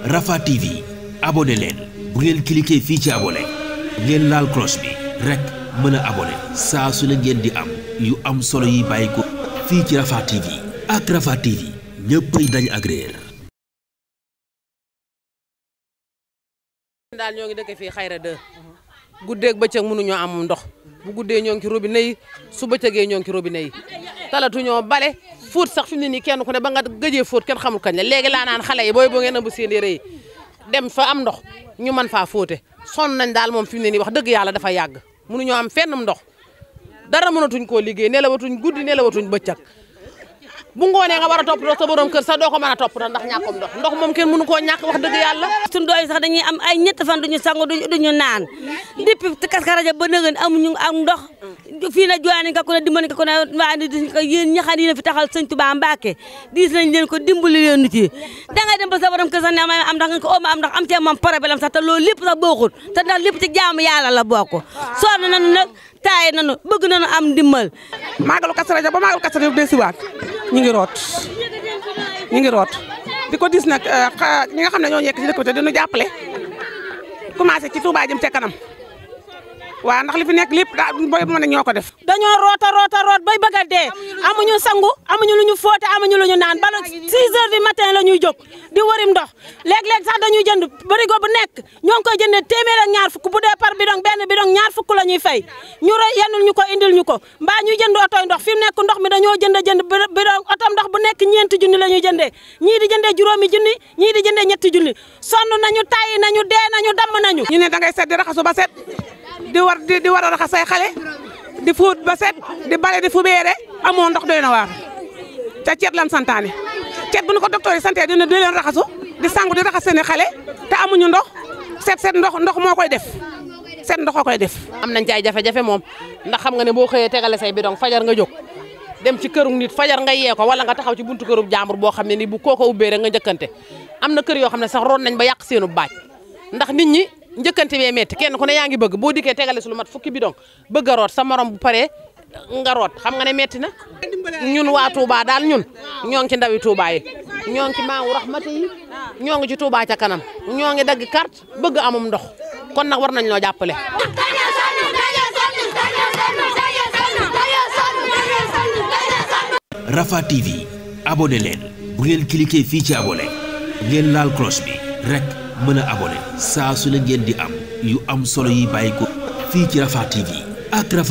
Rafah TV abonné leen bu ngeen cliquer fii ci abonné ngeen laal cloche bi rek mën a abonné saa su ne ngeen di am yu am solo yi bàyyi ko fii ci Rafah TV ak Rafah TV ñëppay dañ agréer daal ñoo ngi dëkk fii xayra am ndox bu guddee ñoo ngi ci yi su bëccëgee ñoo ngi ci robinet yi talatuñoo bale fóot sax fi mu ne nii kenn ku ne ba nga gëjee fóot kenn xamul kañ la naan xale yi booy boo ngeen ëmb seen yére fa am ndox ñu mën faa fóote sonn nañ daal moom fi mu ne nii wax dëgg yàlla dafa yàgg mënuñoo am fenn ndox dara mënatuñ koo liggéey nelawatuñ guddi nelawatuñ bëccëg bu ngoonee nga war a toppatoo sa borom kër sax doo ko mën a toppatoo ndax ñàkkum ndox ndox moom kenn mënu koo ñàkk wax dëgg yàlla suñ doy sax dañuy am ay ñett fan duñu sangu duñu naan depuis ba nëgën amuñu am ndox fii na jowaani nga ko ne dimbali nga ko ne waa ni yéen ñaxan yéen fi taxal sëñ Tuubaa Mbàkke diis nañ leen ko dimbali leen nit yi da ngay dem ba sa borom kër sax ne ma am ndax nga ko oo ma am ndax am cee moom problème sax te loolu lépp sax bokkul te ndax lépp ci jaamu yàlla la bokk sonn nañu nag taay nañu bëgg nañu am ndimbal maagalu Kazu Rajab ba maagalu Kazu Rajab dee si waat ñu ngi root ñu ngi root di ko diis nag eh, ñi nga xam ne ñoo nekk ci dëkk bi te dinu jàppale commencé ci Tuubaa jëm ca kanam waaw ndax li fi nekk lépp daa booy mën a ñoo ko def dañoo roota roota root bay bëgg a dee amuñu sangu amuñu lu ñu fóote amuñu lu ñu naan bala 6 heures du matin la ñuy jóg di wërim ndox léeg-léeg sax dañuy jënd barigo bu nekk ñoo ngi koy jëndee téeméer ak ñaar fukk bu dee par bidon benn bidon ñaar fukk la ñuy fay ñu yennul ñu ko indil ñu ko mbaa ñuy jënd otoy ndox fi mu nekk ndox mi dañoo jënd jënd bidon oto ndox bu nekk ñeenti junni la ñuy jëndee ñii di jëndee juróomi junni ñii di jëndee ñetti junni sonn nañu tayyi nañu dee nañu damm nañu ñu ne da ngay set di ba set di war di war a raxas say xale di fuut ba set di bale di fubeere moo ndox doy na waar te ceet lan santaane ceet bu nu ko docteur yi santee dina di leen raxaso di sangu di raxas seeni xale te amuñu ndox set set ndox ndox moo koy def set ndox koy def. am nañ caay ay jafe-jafe moom ndax xam nga ne boo xëyee tegale say bidon fajar nga jóg dem ci këru nit fajar nga yee ko wala nga taxaw ci buntu këru jàmbur boo xam ne ni bu kooko ubbee rek nga njëkkante am na kër yoo xam ne sax roon nañ ba yàq seenu baaj njëkkante bee metti kenn ku ne yaa ngi bëgg boo dikkee tegale su lu mat fukki bidon bëgg a root sa bu paree nga root xam nga ne metti na ñun waa Touba daal ñun ñoo ngi ci ndawi Touba ñoo ngi ci maawu raxmati ngi ci Touba ca kanam ñoo ngi dagg carte bëgg amum ndox kon nag war nañ loo jàppale Rafah TV abonné leen bu ngeen cliqué fii ci abonné ngeen laal cloche bi rek mën a abonné saa su la ngeen di am yu am solo yi bàyyi ko fii ci Rafah TV